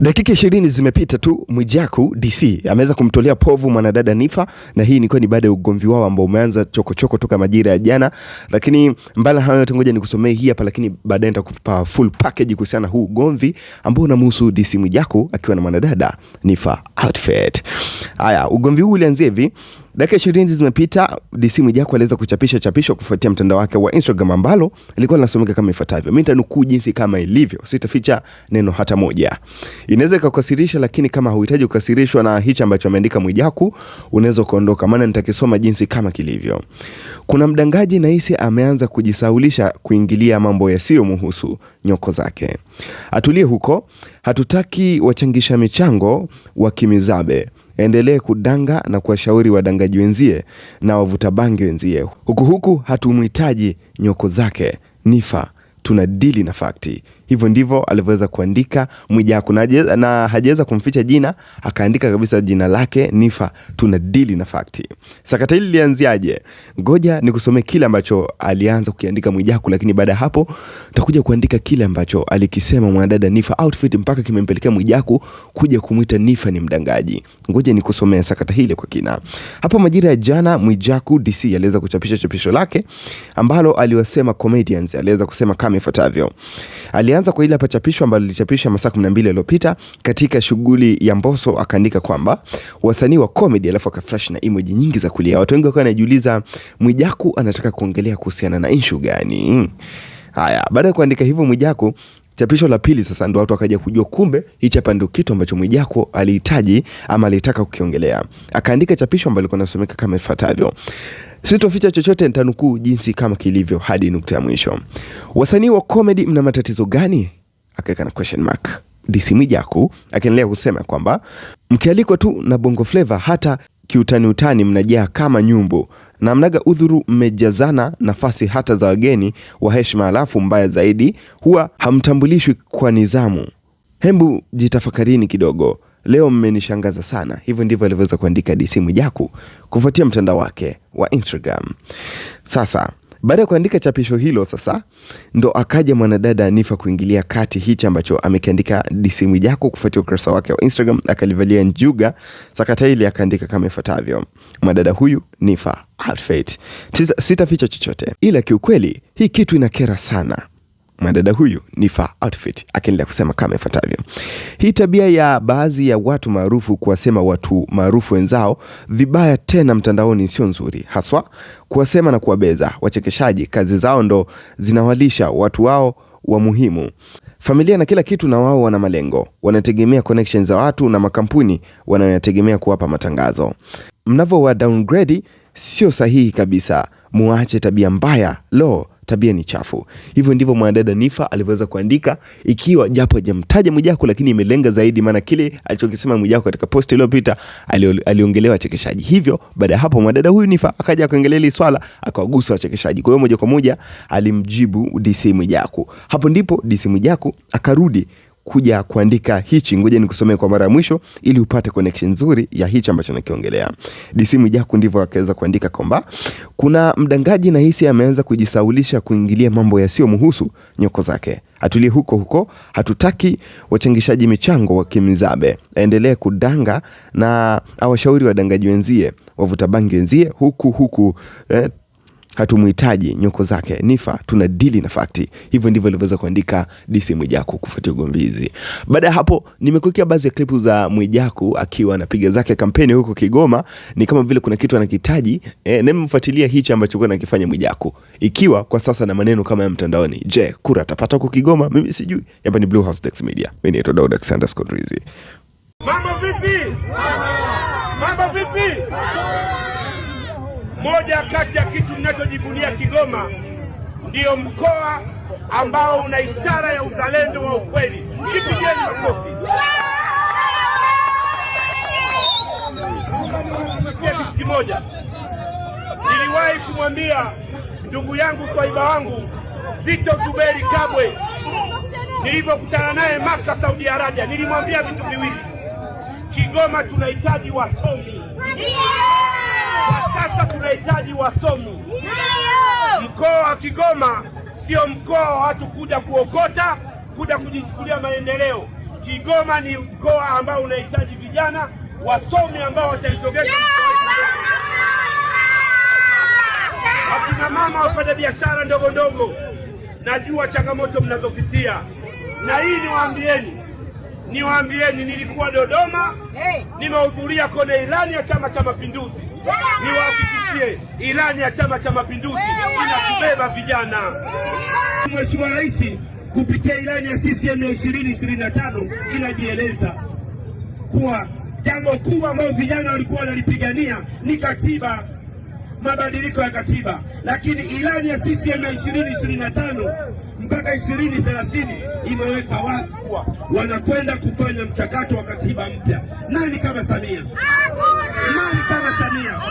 Dakika ishirini zimepita tu Mwijaku DC ameweza kumtolea povu mwanadada Nifa, na hii ilikuwa ni baada ya ugomvi wao ambao umeanza chokochoko toka majira ya jana. Lakini mbali hayo yote, ngoja nikusomee hii hapa, lakini baadaye nitakupa full package kuhusiana huu ugomvi ambao unamhusu DC Mwijaku akiwa na mwanadada Nifa Outfit. Haya, ugomvi huu ulianzia hivi. Dakika ishirini zimepita DC Mwijaku aliweza kuchapisha chapisho kufuatia mtandao wake wa Instagram ambalo ilikuwa linasomeka kama ifuatavyo. Mimi nitanukuu jinsi kama ilivyo, sitaficha neno hata moja. Inaweza ikakukasirisha, lakini kama huhitaji kukasirishwa na hicho ambacho ameandika Mwijaku, unaweza kuondoka, maana nitakisoma jinsi kama kilivyo. Kuna mdangaji na hisi ameanza kujisaulisha kuingilia mambo yasiyomhusu nyoko zake. Atulie huko, hatutaki wachangisha michango wa kimizabe endelee kudanga na kuwashauri wadangaji wenzie na wavuta bangi wenzie. Huku huku hatumhitaji nyoko zake, nifa dili na fakti. Hivyo ndivyo alivyoweza kuandika Mwijaku na, na hajaweza kumficha jina, akaandika kabisa jina lake Niffer. Tuna deal na fakti. Sakata hili lilianziaje? Ngoja nikusomee kile ambacho alianza kukiandika Mwijaku, lakini baada ya hapo takuja kuandika kile ambacho alikisema mwanadada Niffer Outfit mpaka kimempelekea Mwijaku kuja kumwita Niffer ni mdangaji. Ngoja nikusomee sakata hili kwa kina. Hapo majira ya jana Mwijaku DC aliweza kuchapisha chapisho lake ambalo aliwasema comedians aliweza kusema kama ifuatavyo. Alianza Nimeanza kwa ile hapa chapisho ambalo lilichapisha masaa 12 yaliyopita katika shughuli ya Mbosso, akaandika kwamba wasanii wa comedy, alafu akaflash na emoji nyingi za kulia. Watu wengi wakawa wanajiuliza Mwijaku anataka kuongelea kuhusiana na inshu gani? Haya, baada ya kuandika hivyo Mwijaku chapisho la pili sasa ndo watu wakaja kujua kumbe hichi hapa ndio kitu ambacho Mwijaku alihitaji ama alitaka kukiongelea. Akaandika chapisho ambalo liko nasomeka kama ifuatavyo: Sitoficha chochote, nitanukuu jinsi kama kilivyo hadi nukta ya mwisho. Wasanii wa comedy mna matatizo gani? akaweka na question mark. Disi Mwijaku akaendelea kusema kwamba mkialikwa tu na Bongo flavor, hata kiutani utani mnajaa kama nyumbu na mnaga udhuru, mmejazana nafasi hata za wageni wa heshima, alafu mbaya zaidi huwa hamtambulishwi kwa nizamu. Hembu jitafakarini kidogo. Leo mmenishangaza sana. Hivyo ndivyo alivyoweza kuandika DC Mwijaku kufuatia mtandao wake wa Instagram. Sasa baada ya kuandika chapisho hilo, sasa ndo akaja mwanadada Anifa kuingilia kati hichi ambacho amekiandika DC Mwijaku kufuatia ukurasa wake wa Instagram, akalivalia njuga sakata hili, akaandika kama ifuatavyo: mwanadada huyu Nifa outfit, sitaficha chochote, ila kiukweli hii kitu inakera sana mwanadada huyu Niffer Outfit akiendelea kusema kama ifuatavyo. Hii tabia ya baadhi ya watu maarufu kuwasema watu maarufu wenzao vibaya tena mtandaoni sio nzuri, haswa kuwasema na kuwabeza. Wachekeshaji kazi zao ndo zinawalisha watu wao wa muhimu familia na kila kitu, na wao wana malengo, wanategemea connections za watu na makampuni wanayoyategemea kuwapa matangazo. wa downgrade sio sahihi kabisa, muache tabia mbaya. Lo, tabia ni chafu. Hivyo ndivyo mwanadada nifa alivyoweza kuandika, ikiwa japo hajamtaja Mwijaku, lakini imelenga zaidi, maana kile alichokisema Mwijaku katika posti iliyopita aliongelea wachekeshaji. Hivyo baada ya hapo mwanadada huyu nifa akaja akaongelea hili swala, akawagusa wachekeshaji. Kwa hiyo moja kwa moja alimjibu DC Mwijaku. Hapo ndipo DC Mwijaku akarudi kuja kuandika hichi, ngoja nikusomee kwa mara ya mwisho ili upate connection nzuri ya hichi ambacho nakiongelea. DC Mwijaku ndivyo akaweza kuandika kwamba kuna mdangaji nahisi ameanza kujisaulisha kuingilia mambo yasiyomhusu nyoko zake. Atulie huko huko, hatutaki wachangishaji michango wa kimizabe Aendelee kudanga na awashauri wadangaji wenzie wavuta bangi wenzie huku huku, eh, hatumuhitaji nyoko zake Nifa, tuna dili na fakti. Hivyo ndivyo alivyoweza kuandika DC Mwijaku kufuatia ugombizi. Baada ya hapo, nimekuwekea baadhi ya klipu za Mwijaku akiwa anapiga zake kampeni huko Kigoma, ni kama vile kuna kitu anakitaji e, eh, nimemfuatilia hichi ambacho kwa anakifanya Mwijaku, ikiwa kwa sasa na maneno kama ya mtandaoni. Je, kura atapata huko Kigoma? Mimi sijui. Hapa ni Blue House Dex Media, mimi naitwa Daud Alexander Scott Rizzi Mambo vipi? Mambo vipi? Moja kati ya kitu ninachojivunia Kigoma ndiyo mkoa ambao una ishara ya uzalendo wa ukweli. Ipigeni makofi. Kitu kimoja niliwahi kumwambia ndugu yangu swaiba wangu Zito Zuberi Kabwe nilipokutana naye Maka, Saudi Arabia, nilimwambia vitu viwili: Kigoma tunahitaji wasomi wanafunzi wasomi. Mkoa wa Kigoma sio mkoa wa watu kuja kuokota, kuja kujichukulia maendeleo. Kigoma ni mkoa ambao unahitaji vijana wasomi ambao wataisogeza wakina mama, wafanya biashara ndogo ndogo. Najua changamoto mnazopitia, na hii niwaambieni, niwaambieni, nilikuwa Dodoma, nimehudhuria kone ilani ya Chama cha Mapinduzi ni CCM, ilani ya Chama cha Mapinduzi inatubeba vijana. Mheshimiwa Rais kupitia ilani ya CCM ya 2025 inajieleza kuwa jambo kubwa ambalo vijana walikuwa wanalipigania ni katiba, mabadiliko ya katiba, lakini ilani ya CCM ya 2025 mpaka 2030 imeweka wazi kuwa wanakwenda kufanya mchakato wa katiba mpya. Nani kama Samia? Nani kama Samia?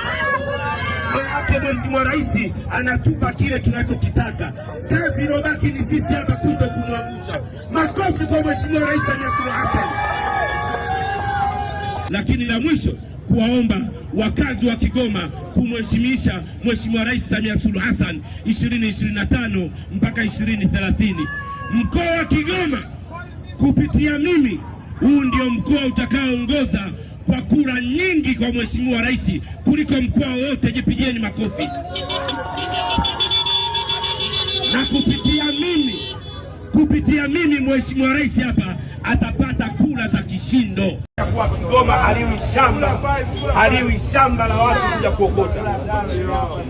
hapo Mheshimiwa Rais anatupa kile tunachokitaka. Kazi iliyobaki ni sisi hapa kuto kumwangusha. Makofi kwa Mheshimiwa Rais Samia Suluhu Hassan. Lakini la mwisho kuwaomba wakazi wa Kigoma kumheshimisha Mheshimiwa Rais Samia Suluhu Hassan 2025 mpaka 2030. Mkoa wa Kigoma kupitia mimi, huu ndio mkoa utakaoongoza kwa kura nyingi kwa mheshimiwa rais kuliko mkoa wote. Jipigieni makofi. Na kupitia mimi, kupitia mimi mheshimiwa rais hapa atapata kura za kishindo. Kwa Kigoma haliwi shamba, haliwi shamba la watu kuja kuokota.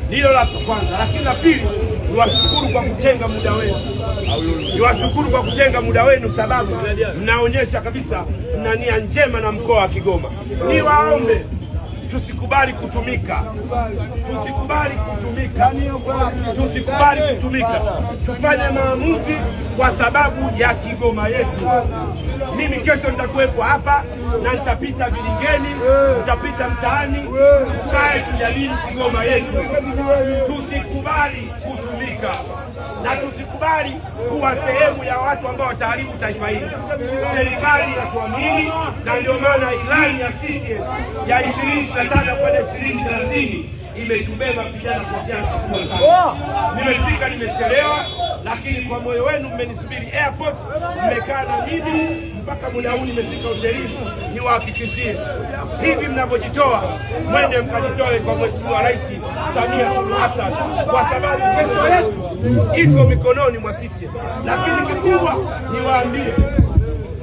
hilo la kwanza, lakini la pili niwashukuru kwa kutenga muda wenu, niwashukuru kwa kutenga muda wenu, sababu mnaonyesha kabisa mna nia njema na mkoa wa Kigoma. Niwaombe tusikubali kutumika, tusikubali kutumika, tusikubali kutumika, tufanye maamuzi kwa sababu ya Kigoma yetu. Mimi kesho nitakuwepo hapa na nitapita Vilingeni, nitapita mtaani, tukae tujadili Kigoma yetu, tusikubali kutumika. Afrika na tusikubali kuwa sehemu ya watu ambao wataharibu taifa hili. Serikali kuamini, na ndio maana ilani ya CCM ya ishirini na tano kwenda ishirini thelathini imetubeba vijana kwa kiasi kubwa sana. Oh! Nimefika nimechelewa, lakini kwa moyo wenu mmenisubiri airport, mmekaa na mimi mpaka muda huu nimefika hotelini. Niwahakikishie hivi mnavyojitoa, mwende mkajitoe kwa mheshimiwa rais. Samia Suluhu Hassan, kwa sababu kesho yetu iko mikononi mwa sisi. Lakini kikubwa niwaambie,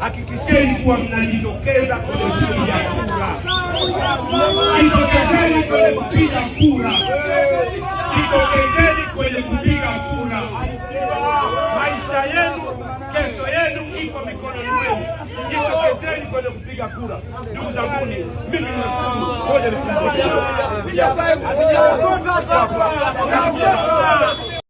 hakikisheni kuwa mnajitokeza kwenye kupiga kura, jitokezeni kwenye kupiga kura, jitokezeni kwenye kupiga kwenda kupiga kura. Ndugu zanguni, mimi ninashukuru moja ni